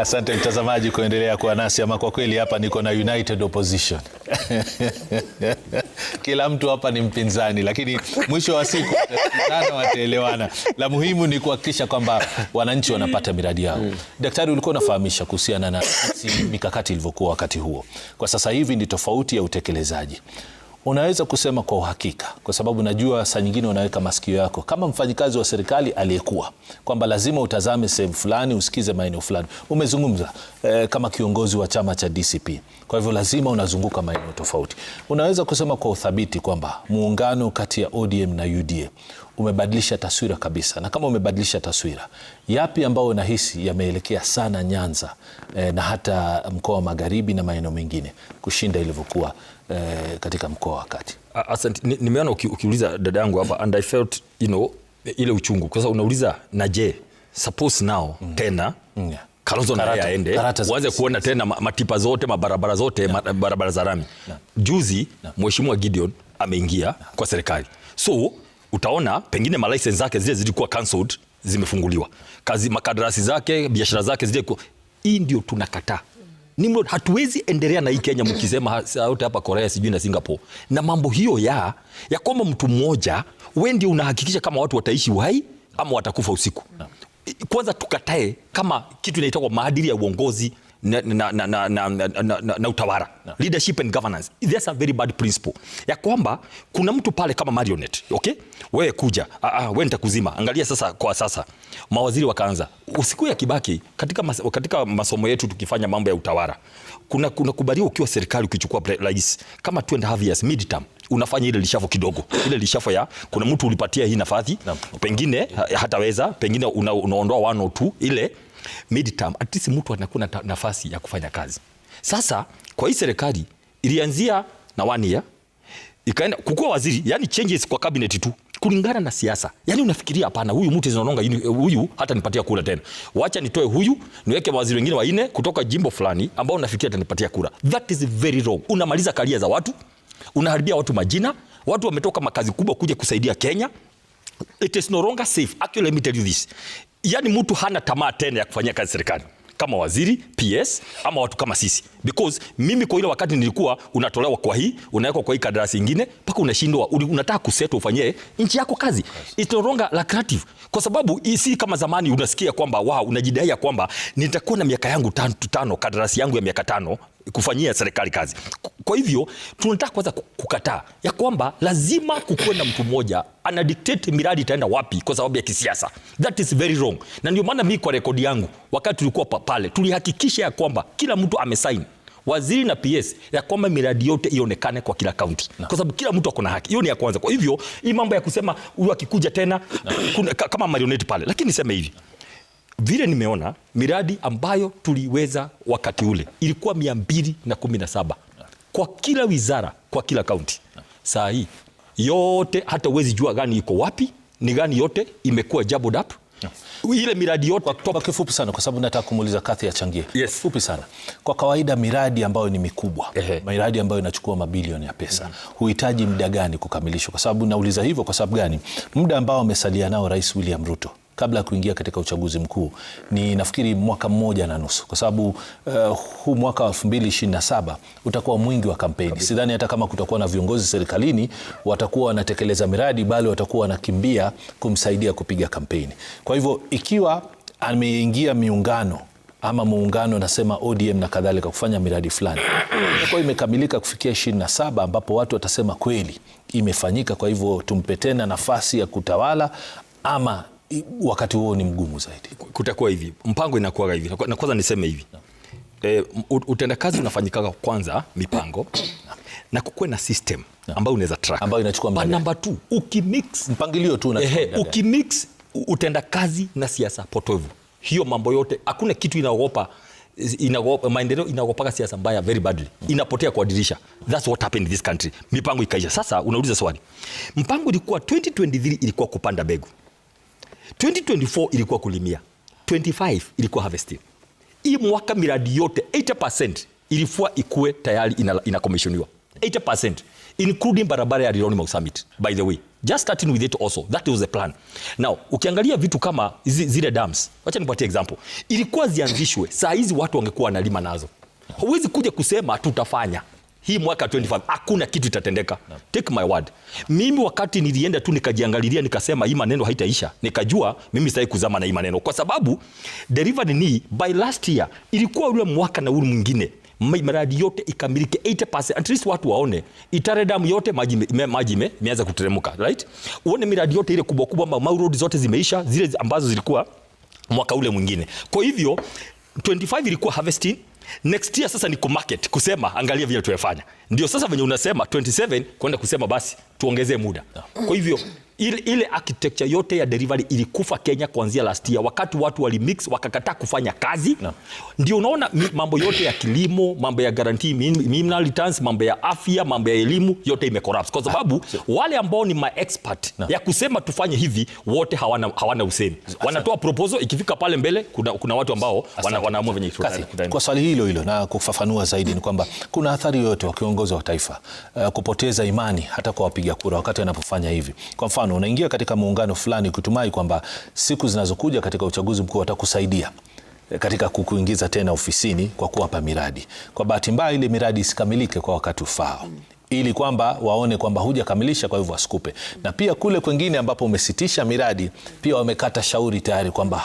Asante mtazamaji kuendelea kuwa nasi. Ama kwa kweli hapa niko na United Opposition kila mtu hapa ni mpinzani, lakini mwisho wa siku watapitana, wataelewana. La muhimu ni kuhakikisha kwamba wananchi wanapata miradi yao. Daktari, ulikuwa unafahamisha kuhusiana na mikakati ilivyokuwa wakati huo, kwa sasa hivi ni tofauti ya utekelezaji unaweza kusema kwa uhakika, kwa sababu najua saa nyingine unaweka masikio yako kama mfanyikazi wa serikali aliyekuwa kwamba lazima utazame sehemu fulani, usikize maeneo fulani. Umezungumza eh, kama kiongozi wa chama cha DCP, kwa hivyo lazima unazunguka maeneo tofauti. Unaweza kusema kwa uthabiti kwamba muungano kati ya ODM na UDA umebadilisha taswira kabisa, na kama umebadilisha taswira, yapi ambayo unahisi yameelekea sana Nyanza eh, na hata mkoa wa Magharibi na maeneo mengine kushinda ilivyokuwa eh, katika mkoa wa Kati. Asante, nimeona ni ukiuliza dada yangu hapa and I felt you know ile uchungu kwa sababu unauliza na je suppose now mm. tena mm. Yeah. Kalonzo naye aende uanze kuona tena matipa zote mabarabara zote yeah. barabara za rami yeah. Juzi yeah. Mheshimiwa Gideon ameingia yeah. kwa serikali so utaona pengine malicense zake zile zilikuwa cancelled zimefunguliwa, kazi makandarasi zake biashara zake zile. Hii ndio tunakataa. Nimrod, hatuwezi endelea na hii Kenya mkisema yote hapa Korea sijui na Singapore na mambo hiyo ya ya kwamba mtu mmoja wewe ndio unahakikisha kama watu wataishi uhai ama watakufa usiku. Kwanza tukatae kama kitu inaitwa maadili ya uongozi na, utawara Leadership and governance there's a very bad principle ya kwamba kuna mtu pale kama marionette okay, wewe kuja, ah, ah, wewe nitakuzima. Angalia sasa, kwa sasa mawaziri wakaanza usiku ya Kibaki. Katika, mas, katika masomo yetu tukifanya mambo ya utawara kuna, kuna kubaliwa ukiwa serikali ukichukua rais kama 2 and a half years mid term unafanya ile lishafo kidogo, ile lishafo ya kuna mtu ulipatia hii nafasi pengine hataweza, pengine una, unaondoa one or two ile midterm, at least mtu anakuwa na nafasi ya kufanya kazi. Sasa kwa hii serikali ilianzia na one year ikaenda kukua waziri, yani changes kwa cabinet tu kulingana na siasa. Yaani unafikiria hapana, huyu mtu zinaonga huyu hata nipatia kura tena. Wacha nitoe huyu, niweke waziri wengine wanne kutoka jimbo fulani ambao unafikiria atanipatia kura. That is very wrong. Unamaliza karia za watu, unaharibia watu majina, watu wametoka makazi kubwa kuja kusaidia Kenya. It is no longer safe. Actually, let me tell you this yani mtu hana tamaa tena ya kufanyia kazi serikali kama waziri PS ama watu kama sisi, because mimi kwa ile wakati nilikuwa unatolewa kwa hii unawekwa kwa hii kadarasi nyingine mpaka unashindwa, unataka kuseto ufanyie nchi yako kazi, it's no longer lucrative, kwa sababu si kama zamani unasikia kwamba wow, unajidai kwamba nitakuwa na miaka yangu tano, tano kadarasi yangu ya miaka tano kufanyia serikali kazi. Kwa hivyo tunataka kwanza kukataa ya kwamba lazima kukuwe na mtu mmoja ana dictate miradi itaenda wapi kwa sababu ya kisiasa. That is very wrong, na ndio maana mimi kwa rekodi yangu, wakati tulikuwa pale, tulihakikisha ya kwamba kila mtu amesaini waziri na PS ya kwamba miradi yote ionekane kwa kila kaunti no. Kwa sababu kila mtu ako na haki hiyo, ni ya kwanza. Kwa hivyo hii mambo ya kusema huyu akikuja tena no. Kuna, kama marioneti pale, lakini niseme hivi vile nimeona miradi ambayo tuliweza wakati ule ilikuwa mia mbili na kumi na saba kwa kila wizara, kwa kila kaunti. Saa hii yote hata uwezi jua gani iko wapi, ni gani yote imekuwa jumbled up ile miradi yote. Kwa kifupi sana, kwa sababu nataka kumuuliza kathi ya changie Yes. Fupi sana. Kwa kawaida miradi ambayo ni mikubwa, Ehe. miradi ambayo inachukua mabilioni ya pesa mm -hmm. huhitaji muda gani kukamilishwa? Kwa sababu nauliza hivyo kwa sababu gani, muda ambao amesalia nao Rais William Ruto kabla ya kuingia katika uchaguzi mkuu ni nafikiri mwaka mmoja na nusu, kwa sababu uh, huu mwaka wa 2027 utakuwa mwingi wa kampeni. Sidhani hata kama kutakuwa na viongozi serikalini watakuwa wanatekeleza miradi, bali watakuwa wanakimbia kumsaidia kupiga kampeni. Kwa hivyo ikiwa ameingia miungano ama muungano nasema ODM na kadhalika kufanya miradi fulani itakuwa imekamilika kufikia ishirini na saba ambapo watu watasema kweli imefanyika, kwa hivyo tumpe tena nafasi ya kutawala ama wakati huo ni mgumu zaidi. Kutakuwa hivi, mpango inakuwa hivi, na kwanza niseme hivi no. E, eh, utendakazi unafanyikaga kwanza mipango na kukuwa na system ambayo unaweza track ambayo inachukua mbali Namba 2 ukimix mpangilio tu unachukua muda. Ukimix utendakazi na siasa potovu, hiyo mambo yote, hakuna kitu inaogopa inaogopa maendeleo, inaogopaga siasa mbaya very badly, mm. inapotea kwa dirisha. That's what happened in this country, mipango ikaisha. Sasa unauliza swali, mpango ilikuwa 2023 ilikuwa kupanda mbegu 2024 ilikuwa kulimia, 25 ilikuwa harvesting. Hii mwaka miradi yote 80% ilifua ikue tayari inakomishoniwa ina 80% including barabara ya Rironi Mau Summit. By the way, just starting with it also, that was the plan. Now, ukiangalia vitu kama zile dams, wacha nipatie example. Ilikuwa zianzishwe, saa hizi watu wangekuwa wanalima nazo. Huwezi kuja kusema tutafanya hii mwaka 25 hakuna kitu itatendeka. Take my word. Mimi wakati nilienda tu nikajiangalilia, nikasema hii maneno haitaisha, nikajua mimi sitaki kuzama na hii maneno, kwa sababu delivery ni by last year ilikuwa ule mwaka na ule mwingine miradi yote ikamilike 80%, at least watu waone Itare damu yote maji me, maji imeanza kuteremka right, uone miradi yote ile kubwa kubwa, ma road zote zimeisha, zile ambazo zilikuwa mwaka ule mwingine. Kwa hivyo 25 ilikuwa harvesting Next year sasa ni kumarket kusema angalia vile tuwefanya. Ndio sasa venye unasema 27 kwenda kusema basi tuongezee muda. Kwa hivyo ile, ile architecture yote ya delivery ilikufa Kenya kuanzia last year, wakati watu walimix wakakataa kufanya kazi no. Ndio unaona mambo yote ya kilimo, mambo ya guarantee minimum returns, mambo ya afya, mambo ya elimu yote imecorrupt kwa sababu ah, wale ambao ni maexpert no. ya kusema tufanye hivi wote hawana, hawana usemi, wanatoa proposal, ikifika pale mbele kuna, kuna watu ambao wanaamua venye kwa swali hilo hilo na kufafanua zaidi ni kwamba kuna athari yoyote wa kiongozi wa taifa uh, kupoteza imani hata kwa wapiga kura wakati anapofanya hivi kwa mfano mfano unaingia katika muungano fulani ukitumai kwamba siku zinazokuja katika uchaguzi mkuu watakusaidia e, katika kukuingiza tena ofisini kwa kuwapa miradi. Kwa bahati mbaya, ile miradi isikamilike kwa wakati ufao ili kwamba waone kwamba hujakamilisha, kwa hivyo wasikupe. Na pia kule kwengine ambapo umesitisha miradi, pia wamekata shauri tayari kwamba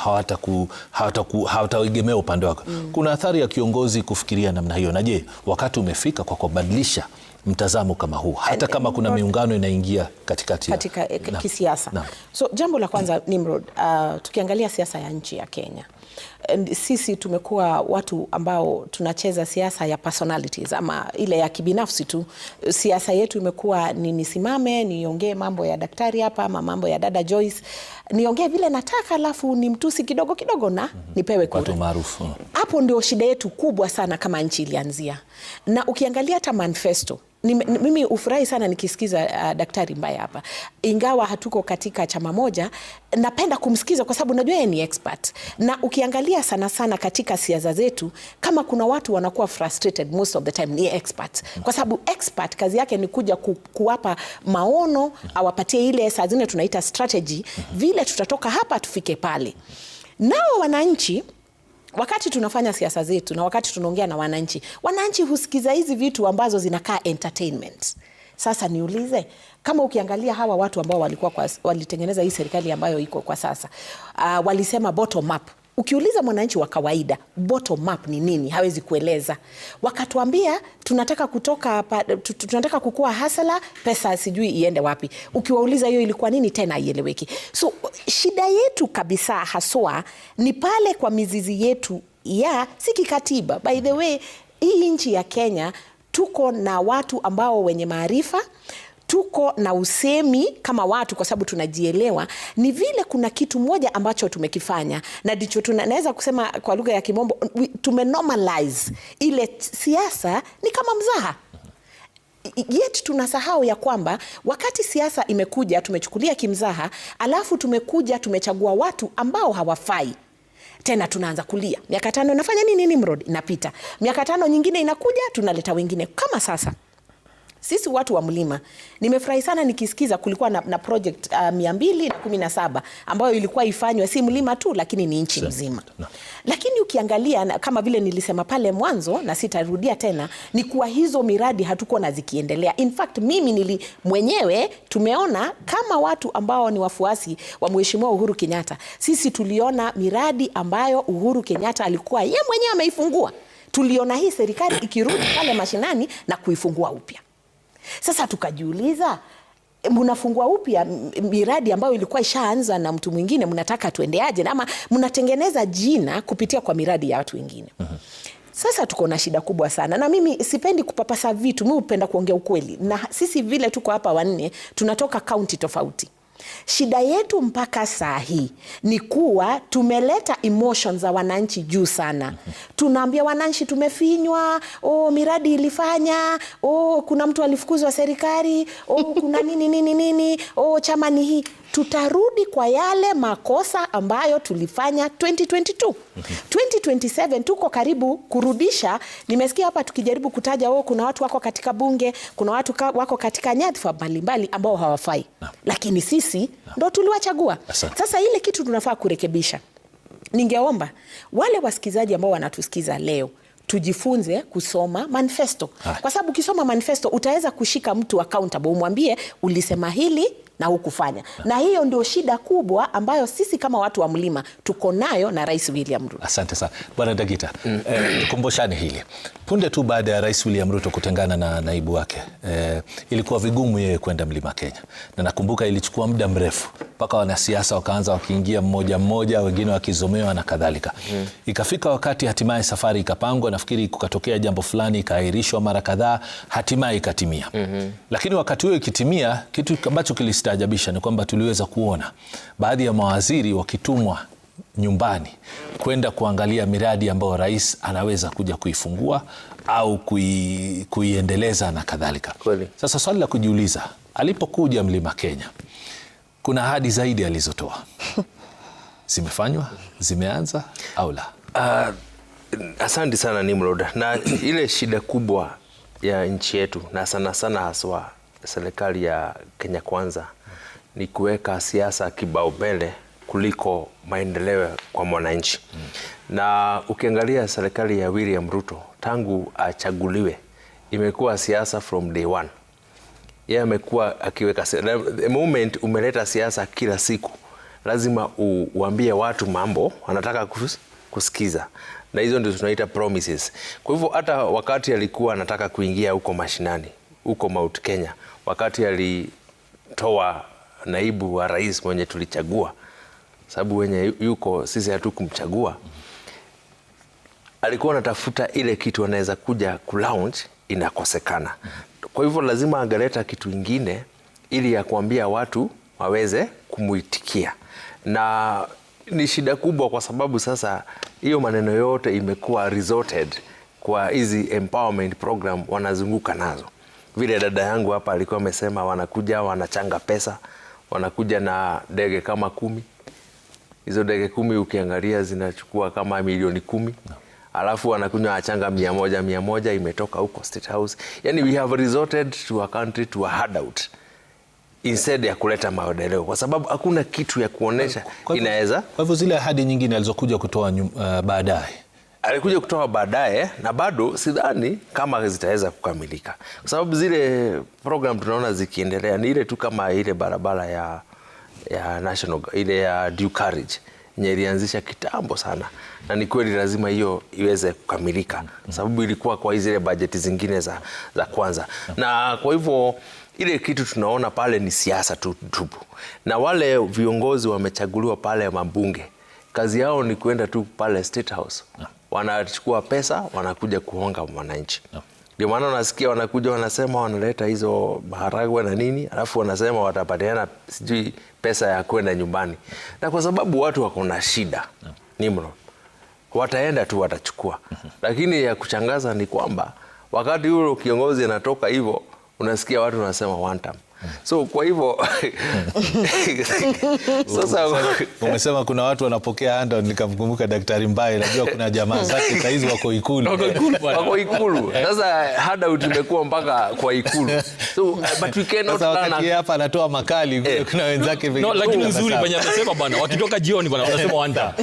hawataegemea upande wako. Mm. Kuna athari ya kiongozi kufikiria namna hiyo. Na je, wakati umefika kwa kubadilisha mtazamo kama huu hata kama kuna miungano inaingia katikati katika e- kisiasa. So jambo la kwanza Nimrod, uh, tukiangalia siasa ya nchi ya Kenya And sisi tumekuwa watu ambao tunacheza siasa ya personalities ama ile ya kibinafsi tu. Siasa yetu imekuwa ni nisimame niongee mambo ya daktari hapa ama mambo ya dada Joyce, niongee vile nataka, alafu ni mtusi kidogo kidogo na mhm. nipewe kura. Hapo ndio shida yetu kubwa sana kama nchi ilianzia, na ukiangalia hata manifesto ni, mimi hufurahi sana nikisikiza uh, Daktari Mbaya hapa, ingawa hatuko katika chama moja, napenda kumsikiza kwa sababu najua yeye ni expert, na ukiangalia sana sana katika siasa zetu, kama kuna watu wanakuwa frustrated most of the time ni expert, kwa sababu expert kazi yake ni kuja ku, kuwapa maono, awapatie ile saa zingine tunaita strategy, vile tutatoka hapa tufike pale. Nao wananchi wakati tunafanya siasa zetu na wakati tunaongea na wananchi, wananchi husikiza hizi vitu ambazo zinakaa entertainment. Sasa niulize, kama ukiangalia hawa watu ambao walikuwa kwa, walitengeneza hii serikali ambayo iko kwa sasa uh, walisema bottom up Ukiuliza mwananchi wa kawaida bottom up ni nini, hawezi kueleza. Wakatuambia tunataka kutoka tunataka kukua hasala, pesa sijui iende wapi. Ukiwauliza hiyo ilikuwa nini tena, haieleweki. So shida yetu kabisa haswa ni pale kwa mizizi yetu ya si kikatiba. By the way, hii nchi ya Kenya tuko na watu ambao wenye maarifa tuko na usemi kama watu, kwa sababu tunajielewa, ni vile kuna kitu moja ambacho tumekifanya na ndicho tunaweza kusema kwa lugha ya Kimombo tumenormalize ile siasa ni kama mzaha yet tunasahau ya kwamba wakati siasa imekuja tumechukulia kimzaha, alafu tumekuja tumechagua watu ambao hawafai tena tunaanza kulia. Miaka tano inafanya nini? Nimrod inapita, miaka tano nyingine inakuja, tunaleta wengine kama sasa sisi watu wa mlima, nimefurahi sana nikisikiza kulikuwa na, na project uh, 217 ambayo ilikuwa ifanywe si mlima tu, lakini ni nchi nzima. Lakini ukiangalia kama vile nilisema pale mwanzo na sitarudia tena, ni kuwa hizo miradi hatuko na zikiendelea. In fact mimi nili mwenyewe tumeona kama watu ambao ni wafuasi wa Mheshimiwa Uhuru Kenyatta, sisi tuliona miradi ambayo Uhuru Kenyatta alikuwa ye mwenyewe ameifungua tuliona hii serikali ikirudi pale mashinani na kuifungua upya. Sasa tukajiuliza mnafungua upya miradi ambayo ilikuwa ishaanza na mtu mwingine, mnataka tuendeaje? Ama mnatengeneza jina kupitia kwa miradi ya watu wengine. Sasa tuko na shida kubwa sana, na mimi sipendi kupapasa vitu, mi hupenda kuongea ukweli, na sisi vile tuko hapa wanne tunatoka kaunti tofauti. Shida yetu mpaka saa hii ni kuwa tumeleta emotions za wananchi juu sana. Tunaambia wananchi tumefinywa, oh, miradi ilifanya, oh, kuna mtu alifukuzwa serikali, oh, kuna nini nini nini, oh, chama ni hii tutarudi kwa yale makosa ambayo tulifanya 2022. Mm -hmm. 2027 tuko karibu kurudisha. Nimesikia hapa tukijaribu kutaja wao, oh, kuna watu wako katika bunge, kuna watu wako katika nyadhifa mbalimbali ambao hawafai no. Lakini sisi no. ndo tuliwachagua. Sasa ile kitu tunafaa kurekebisha. Ningeomba wale wasikizaji ambao wanatusikiza leo tujifunze kusoma manifesto ha. Kwa sababu ukisoma manifesto utaweza kushika mtu accountable, umwambie ulisema hili na hukufanya, na hiyo ndio shida kubwa ambayo sisi kama watu wa mlima tuko nayo na Rais William Ruto. Asante sana Bwana Dagita, mm. eh, hili punde tu baada ya Rais William Ruto kutengana na naibu wake eh, ilikuwa vigumu yeye kwenda Mlima Kenya, na nakumbuka ilichukua muda mrefu mpaka wanasiasa wakaanza wakiingia mmoja mmoja, wengine wakizomewa na kadhalika mm. Ikafika wakati hatimaye safari ikapangwa, nafikiri kukatokea jambo fulani, ikaahirishwa mara kadhaa, hatimaye ikatimia mm -hmm. Lakini wakati huo ikitimia, kitu ambacho kilistaajabisha ni kwamba tuliweza kuona baadhi ya mawaziri wakitumwa nyumbani kwenda kuangalia miradi ambayo rais anaweza kuja kuifungua au kui, kuiendeleza na kadhalika. Sasa swali la kujiuliza, alipokuja Mlima Kenya kuna ahadi zaidi alizotoa zimefanywa, zimeanza au la? Uh, asante sana Nimrod, na ile shida kubwa ya nchi yetu na sana sana haswa serikali ya Kenya Kwanza ni kuweka siasa kibao mbele kuliko maendeleo kwa mwananchi mm. Na ukiangalia serikali ya William Ruto tangu achaguliwe imekuwa siasa from day one yeye amekuwa akiweka the moment umeleta siasa kila siku, lazima uambie watu mambo anataka kusikiza, na hizo ndio tunaita promises. Kwa hivyo hata wakati alikuwa anataka kuingia huko mashinani huko Mount Kenya, wakati alitoa naibu wa rais mwenye tulichagua, sababu wenye yuko sisi hatukumchagua, alikuwa anatafuta ile kitu anaweza kuja kulaunch inakosekana. Kwa hivyo lazima angeleta kitu ingine ili ya kuambia watu waweze kumuitikia, na ni shida kubwa, kwa sababu sasa hiyo maneno yote imekuwa resorted kwa hizi empowerment program wanazunguka nazo. Vile dada yangu hapa alikuwa amesema, wanakuja wanachanga pesa, wanakuja na ndege kama kumi. Hizo ndege kumi ukiangalia zinachukua kama milioni kumi no alafu wanakunywa achanga mia moja mia moja imetoka huko State House. Yani we have resorted to a country to a handout instead ya kuleta maendeleo, kwa sababu hakuna kitu ya kuonesha inaweza. Kwa hivyo zile ahadi nyingine alizokuja kutoa uh, baadaye alikuja kutoa baadaye, na bado sidhani kama zitaweza kukamilika, kwa sababu zile program tunaona zikiendelea ni ile tu kama ile barabara ya, ya national ile ya due carriage yenye ilianzisha kitambo sana, na ni kweli lazima hiyo iweze kukamilika, sababu ilikuwa kwa zile bajeti zingine za, za kwanza, na kwa hivyo ile kitu tunaona pale ni siasa tupu, na wale viongozi wamechaguliwa pale mabunge, kazi yao ni kuenda tu pale State House, wanachukua pesa wanakuja kuonga mwananchi. Ndio maana unasikia wanakuja wanasema wanaleta hizo maharagwe na nini, alafu wanasema watapatiana sijui pesa ya kwenda nyumbani, na kwa sababu watu wako na shida nimro, wataenda tu watachukua. Lakini ya kuchangaza ni kwamba wakati huo kiongozi anatoka hivyo, unasikia watu wanasema one time So kwa hivyo sasa, umesema kuna watu wanapokea handout, nikamkumbuka Daktari Mbaye, najua kuna jamaa zake saizi wako Ikulu, wako Ikulu. Sasa handout imekuwa mpaka kwa Ikulu, so but we cannot sasa, Wakati hapa anatoa makali, eh. kuna wenzake no, lakini uzuri kwenye amesema bwana, wakitoka jioni bwana wanasema wanda.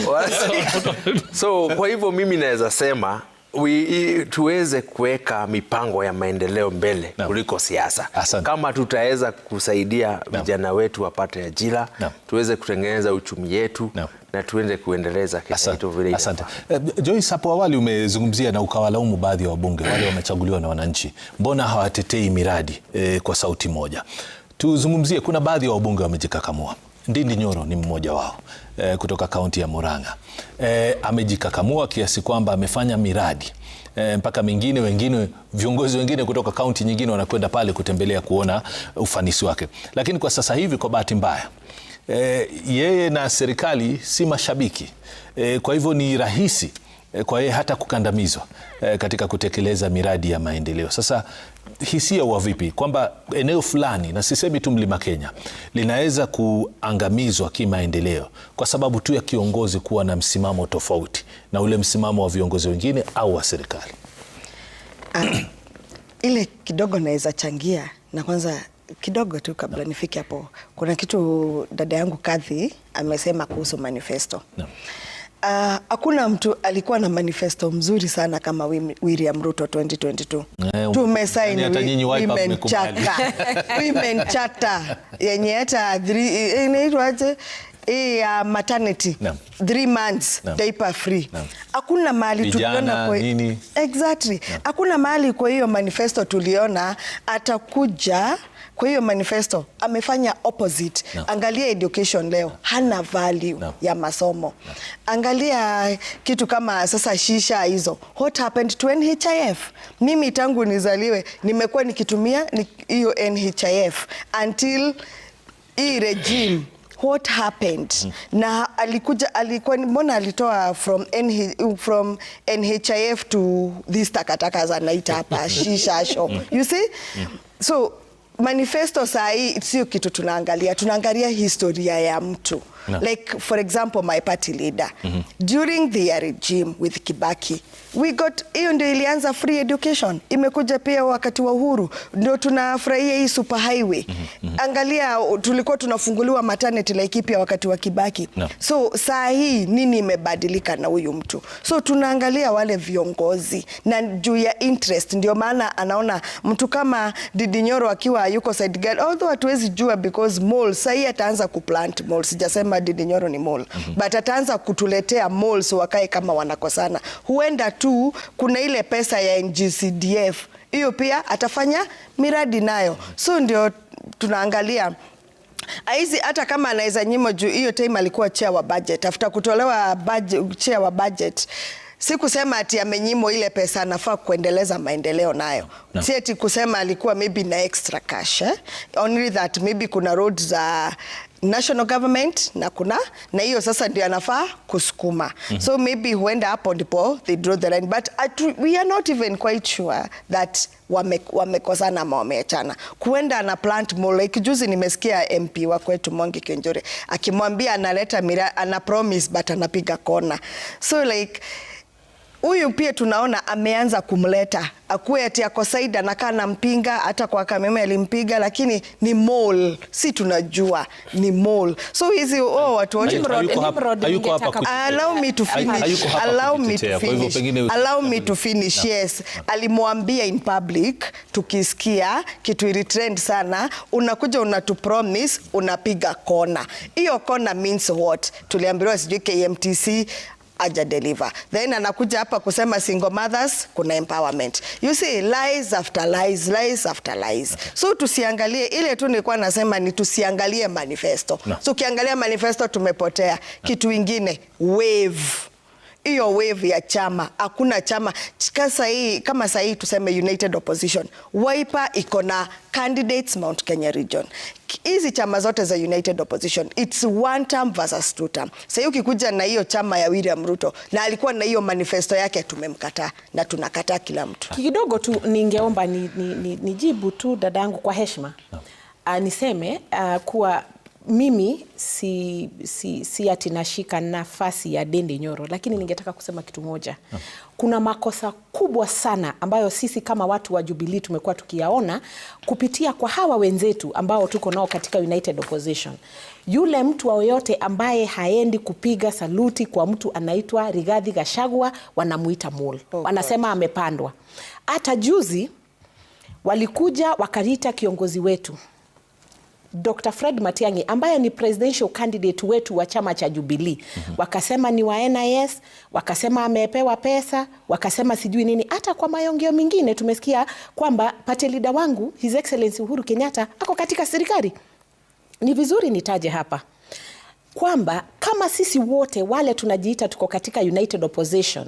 So kwa hivyo mimi naweza sema We, tuweze kuweka mipango ya maendeleo mbele no. kuliko siasa. Kama tutaweza kusaidia vijana no. wetu wapate ajira no. tuweze kutengeneza uchumi yetu no. na tuende kuendeleza vile. Asante. Eh, Joyce, hapo awali umezungumzia na ukawalaumu baadhi ya wa wabunge wale wamechaguliwa na wananchi, mbona hawatetei miradi e, kwa sauti moja? Tuzungumzie, kuna baadhi ya wa wabunge wamejikakamua. Ndindi Nyoro ni mmoja wao eh, kutoka kaunti ya Murang'a eh, amejikakamua kiasi kwamba amefanya miradi E, mpaka mingine wengine viongozi wengine kutoka kaunti nyingine wanakwenda pale kutembelea kuona ufanisi wake, lakini kwa sasa hivi kwa bahati mbaya e, yeye na serikali si mashabiki e, kwa hivyo ni rahisi e, kwa yeye hata kukandamizwa e, katika kutekeleza miradi ya maendeleo. Sasa hisia wa vipi kwamba eneo fulani na sisemi tu mlima Kenya linaweza kuangamizwa kimaendeleo kwa sababu tu ya kiongozi kuwa na msimamo tofauti na ule msimamo wa viongozi wengine au wa serikali? Uh, ile kidogo naweza changia na kwanza kidogo tu kabla no. nifike hapo, kuna kitu dada yangu Kadhi amesema kuhusu manifesto no. Ah, hakuna uh, mtu alikuwa na manifesto mzuri sana kama William Ruto 2022. Eh, um, tumesaini women chata women chata yenye hata inaitwaje hii ya maternity three months diaper free hakuna mali mahali tuliona kwa exactly hakuna mali mahali kwa hiyo manifesto tuliona atakuja kwa hiyo manifesto amefanya opposite no. Angalia education leo no. Hana value no. ya masomo no. Angalia kitu kama sasa shisha hizo, what happened to NHIF? Mimi tangu nizaliwe nimekuwa nikitumia hiyo NHIF until hii regime what happened mm. Na alikuja alikuwa mbona alitoa from, NH, from NHIF to this takataka naita hapa shisha show mm. you see mm. so manifesto saa hii sio kitu tunaangalia, tunaangalia historia ya mtu no. like for example my party leader mm -hmm. during the regime with Kibaki we got hiyo ndio ilianza free education, imekuja pia wakati wa uhuru, ndio tunafurahia hii super highway mm -hmm. Angalia, tulikuwa tunafunguliwa maternity like pia wakati wa Kibaki no. So saa hii nini imebadilika na huyu mtu, so tunaangalia wale viongozi na juu ya interest, ndio maana anaona mtu kama Didi Nyoro akiwa yuko side guard, although hatuwezi jua because mall saa hii ataanza kuplant malls, sijasema Ferdinand Nyoro ni mole mm -hmm. But ataanza kutuletea so wakae kama wanakosana, huenda tu kuna ile pesa ya NGCDF hiyo pia atafanya miradi nayo, so ndio tunaangalia aizi hata kama anaweza nyimo juu hiyo time alikuwa chair wa budget. Afuta kutolewa budget, chair wa budget si kusema ati amenyimo ile pesa anafaa kuendeleza maendeleo nayo no. Si ati kusema alikuwa maybe na extra cash eh? Only that maybe kuna road za national government na kuna na hiyo sasa ndio anafaa kusukuma. mm -hmm. So maybe huenda hapo ndipo they draw the line but at, we are not even quite sure that wamekosana wame ama wameachana. Kuenda ana plant more like juzi nimesikia MP wa kwetu Mwangi Kinjore akimwambia analeta mira, ana promise but anapiga kona so like huyu pia tunaona ameanza kumleta akuwe ati ako Said anakaa na mpinga, hata kwa Kameme alimpiga, lakini ni mole, si tunajua ni mole. So hizi oh, watu wote allow me to finish, allow me to finish, allow me to finish. Yes, alimwambia in public, tukisikia kitu ili trend sana, unakuja unatu promise unapiga kona. Hiyo kona means what? Tuliambiwa sijui KMTC aja deliver, then anakuja hapa kusema single mothers kuna empowerment. You see lies after lies, lies after lies. So tusiangalie ile tu nilikuwa nasema ni tusiangalie manifesto no. So ukiangalia manifesto tumepotea no. Kitu ingine wave hiyo wave ya chama, hakuna chama kasa hii, kama sahii tuseme United Opposition, Wiper iko na candidates Mount Kenya region. Hizi chama zote za United Opposition it's one term versus two term. Sahii ukikuja na hiyo chama ya William Ruto na alikuwa na hiyo manifesto yake, tumemkataa na tunakataa kila mtu. Kidogo tu ningeomba ni, ni, ni, ni tu dadangu kwa heshima no. Uh, ah, niseme uh, kuwa mimi si, si, si ati nashika nafasi ya Dende Nyoro, lakini ningetaka kusema kitu moja. Kuna makosa kubwa sana ambayo sisi kama watu wa Jubilee tumekuwa tukiyaona kupitia kwa hawa wenzetu ambao tuko nao katika United Opposition. Yule mtu yoyote ambaye haendi kupiga saluti kwa mtu anaitwa Rigathi Gachagua, wanamuita mole, oh, wanasema amepandwa. Hata juzi walikuja wakaita kiongozi wetu Dr. Fred Matiang'i ambaye ni presidential candidate wetu wa chama cha Jubilee. Mm -hmm. Wakasema ni wa NIS, wakasema amepewa pesa, wakasema sijui nini. Hata kwa mayongeo mengine tumesikia kwamba party leader wangu His Excellency Uhuru Kenyatta ako katika serikali. Ni vizuri nitaje hapa kwamba kama sisi wote wale tunajiita tuko katika united opposition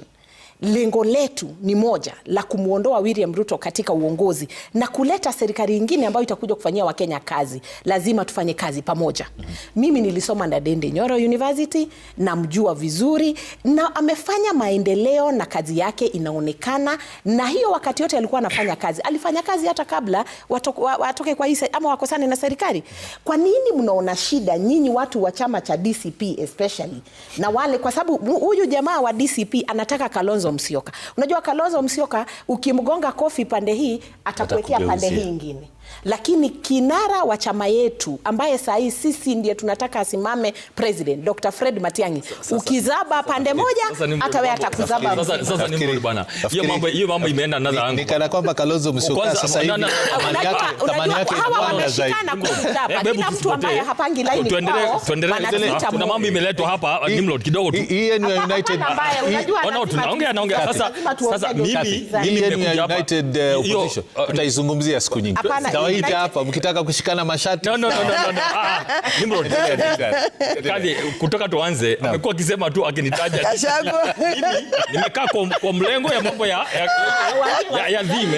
lengo letu ni moja la kumwondoa William Ruto katika uongozi na kuleta serikali nyingine ambayo itakuja kufanyia Wakenya kazi. Lazima tufanye kazi pamoja. mm -hmm. Mimi nilisoma Ndadende Nyoro University, namjua vizuri na amefanya maendeleo na kazi yake inaonekana, na hiyo wakati yote alikuwa anafanya kazi, alifanya kazi hata kabla watoke, kwa hisa ama wakosane na serikali. Kwa nini mnaona shida nyinyi watu wa chama cha DCP especially na wale, kwa sababu huyu jamaa wa DCP anataka Kalonzo msioka Unajua Kalonzo msioka ukimgonga kofi pande hii atakuwekea pande hii ingine lakini kinara wa chama yetu ambaye saa hii sisi ndiye tunataka asimame president Dr. Fred Matiang'i, ukizaba pande moja atawe wewe atakuzaba. Sasa ni mbona bwana, hiyo mambo hiyo mambo imeenda another kwamba Kalonzo Musyoka sasa hivi thamani yake zaidi. mtu ambaye hapangi line, tuendelee tuendelee, kuna mambo imeletwa hapa Nimrod kidogo tu, hii United, unajua oh, tunaongea naongea sasa. Sasa mimi mimi eh, tutaizungumzia siku Tunawaita hapa mkitaka kushikana mashati. No, no, no, no, no. Ah, ah. Kadhi, kutoka tuanze no. Amekuwa akisema tu akinitaja nimekaa kwa mlengo ya mambo ya ya dhime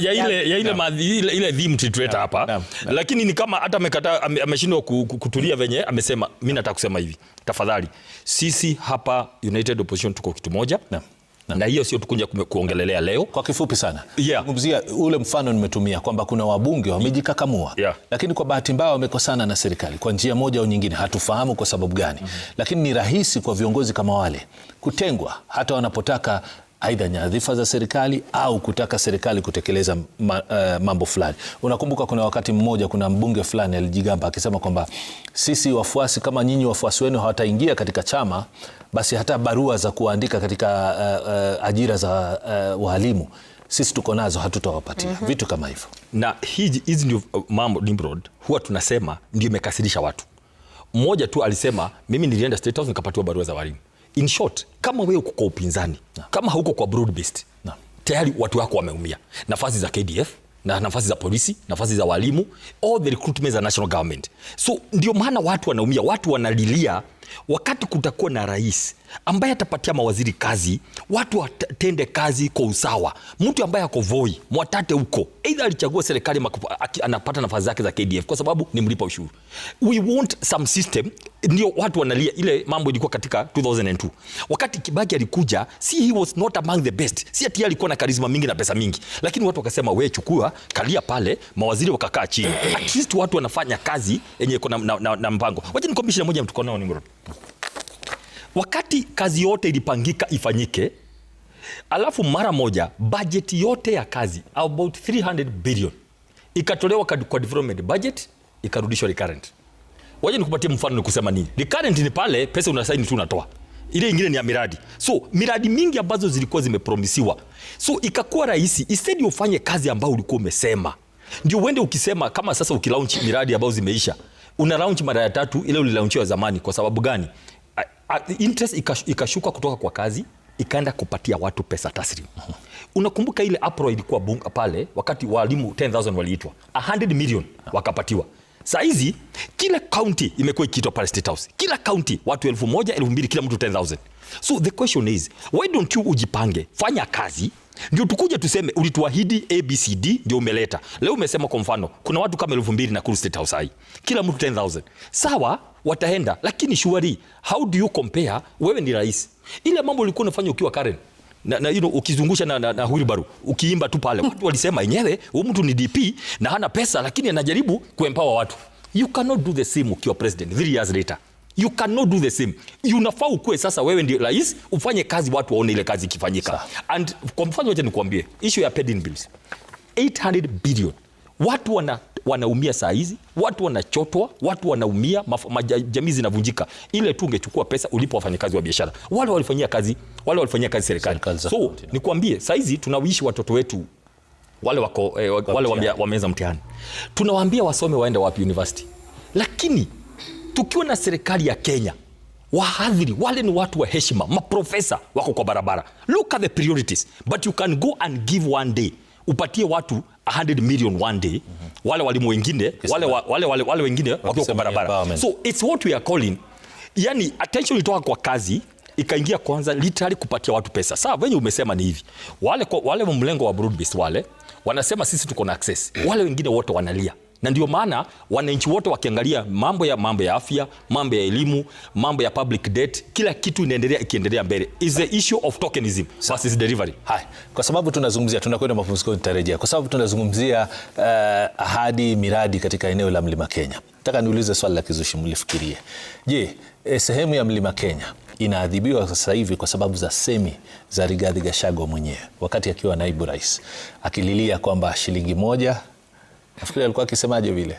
ya ile ya ile ile dhime tutueta hapa, lakini ni kama hata amekataa, ameshindwa kutulia venye amesema. Mimi nataka kusema hivi, tafadhali, sisi hapa United Opposition tuko kitu moja no na, na hiyo sio tukuja kuongelelea leo kwa kifupi sana zungumzia yeah. Ule mfano nimetumia kwamba kuna wabunge wamejikakamua yeah. Lakini kwa bahati mbaya wamekosana na serikali kwa njia moja au nyingine, hatufahamu kwa sababu gani mm -hmm. Lakini ni rahisi kwa viongozi kama wale kutengwa hata wanapotaka aidha nyadhifa za serikali au kutaka serikali kutekeleza ma, uh, mambo fulani. Unakumbuka kuna wakati mmoja, kuna mbunge fulani alijigamba akisema kwamba sisi wafuasi kama nyinyi wafuasi wenu hawataingia katika chama basi hata barua za kuandika katika uh, uh, ajira za uh, eh, walimu sisi tuko nazo, hatutawapatia mm -hmm. vitu kama hivyo, na hizi ndio mambo Nimrod huwa tunasema ndio imekasirisha watu. Mmoja tu alisema mimi nilienda State House nikapatiwa barua za walimu. In short, kama wewe uko kwa upinzani na, kama hauko kwa broad based, tayari watu wako wameumia. Nafasi za KDF na nafasi za polisi, nafasi za walimu, all the recruitment za national government. So ndio maana watu wanaumia, watu wanalilia. Wakati kutakuwa na rais ambaye atapatia mawaziri kazi, watu watende kazi kwa usawa. Mtu ambaye ako Voi, Mwatate huko, eidha alichagua serikali anapata nafasi zake za KDF kwa sababu ni mlipa ushuru. We want some system, ndio watu wanalia. Ile mambo ilikuwa katika 2002 wakati Kibaki alikuja, si he was not among the best, si ati alikuwa na karisma mingi na pesa mingi, lakini watu wakasema, we chukua kalia pale, mawaziri wakakaa chini. At least watu wanafanya kazi yenye iko na, na, na, na mpango. Wacha nikwambie shida moja mtuko nao ni mrudi. Wakati kazi yote ilipangika ifanyike, alafu mara moja bajeti yote ya kazi about 300 billion ikatolewa kwa development budget ikarudishwa recurrent. Waje nikupatie mfano ni kusema nini? Recurrent ni pale pesa unasaini tu unatoa ile ingine ni ya miradi. So miradi mingi ambazo zilikuwa zimepromisiwa, so ikakuwa rahisi, instead ufanye kazi ambayo ulikuwa umesema, ndio uende ukisema. Kama sasa ukilaunch miradi ambayo zimeisha, una launch mara ya tatu ile ulilaunchiwa zamani. Kwa sababu gani? Interest ikashuka kutoka kwa kazi ikaenda kupatia watu pesa taslim. Mhm. Unakumbuka ile APRO ilikuwa bunga pale, wakati walimu 10000 waliitwa 100 million wakapatiwa Saa hizi kila kaunti imekuwa ikiitwa pale State House, kila kaunti watu elfu moja elfu mbili kila mtu 10000. So the question is why don't you ujipange, fanya kazi ndio tukuje tuseme ulituahidi ABCD ndio umeleta leo. Umesema kwa mfano kuna watu kama elfu mbili Nakuru State House hai kila mtu 10000, sawa, wataenda lakini shuari, how do you compare? Wewe ni rais, ile mambo ulikuwa unafanya ukiwa Karen na, na, you know, ukizungusha na, na, na wheelbarrow ukiimba tu pale, watu walisema wenyewe huyu mtu ni DP na hana pesa, lakini anajaribu kuempower watu. You cannot do the same ukiwa president three years later. You cannot do the same. Unafaa ukue sasa, wewe ndio rais, ufanye kazi, watu waone ile kazi ikifanyika. And kwa mfano, wacha nikuambie issue ya pending bills 800 billion watu wana wanaumia saa hizi, watu wanachotwa, watu wanaumia, jamii zinavunjika. Ile tu ungechukua pesa ulipo wafanyakazi wa biashara wale walifanyia kazi, wale walifanyia kazi serikali. So nikwambie, saa hizi tunawishi watoto wetu wale wako eh, wale wameweza mtihani, tunawaambia wasome waende wapi university, lakini tukiwa na serikali ya Kenya wahadhiri wale ni watu wa heshima, maprofesa wako kwa barabara. Look at the priorities but you can go and give one day upatie watu 100 million one day, wale walimu wengine wale, wale, wale, wale wengine wakiwa kwa barabara. So it's what we are calling, yani attention itoka kwa kazi ikaingia kwanza literally kupatia watu pesa. Sawa, wenye umesema ni hivi wale, wale mlengo wa broad wale wanasema sisi tuko na access, wale wengine wote wanalia na ndio maana wananchi wote wakiangalia mambo ya mambo ya afya, mambo ya elimu, mambo ya public debt, kila kitu inaendelea ikiendelea mbele. Is the issue of tokenism versus delivery. Hai. Kwa sababu tunazungumzia tunakwenda mapumziko, tutarejea. Kwa sababu tunazungumzia uh, ahadi, miradi katika eneo la Mlima Kenya. Nataka niulize swali la kizushi, mlifikirie. Je, eh, sehemu ya Mlima Kenya inaadhibiwa sasa hivi kwa sababu za semi za Rigathi Gachagua mwenyewe wakati akiwa naibu rais akililia kwamba shilingi moja Nafikiri alikuwa akisemaje vile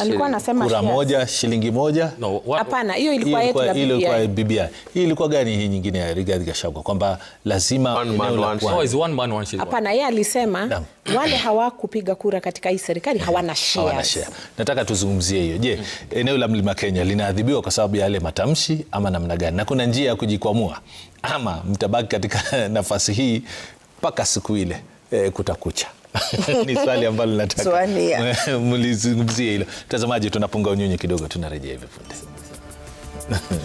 alikuwa anasema kura moja shilingi moja. Hapana, hiyo ilikuwa yetu ya BBI. Ilikuwa BBI. Hii ilikuwa gani hii nyingine ya Rigathi Gachagua kwamba lazima oh, Hapana, yeye alisema wale hawakupiga kura katika hii serikali hawana shares. Hawana share. Nataka tuzungumzie hiyo. Je, eneo la Mlima Kenya linaadhibiwa kwa sababu ya yale matamshi ama namna gani? Na kuna njia ya kujikwamua ama mtabaki katika nafasi hii mpaka siku ile e, kutakucha. ni swali ambalo nataamlizungumzie hilo. Mtazamaji, tunapunga unyunyu kidogo, tunarejea hivi punde.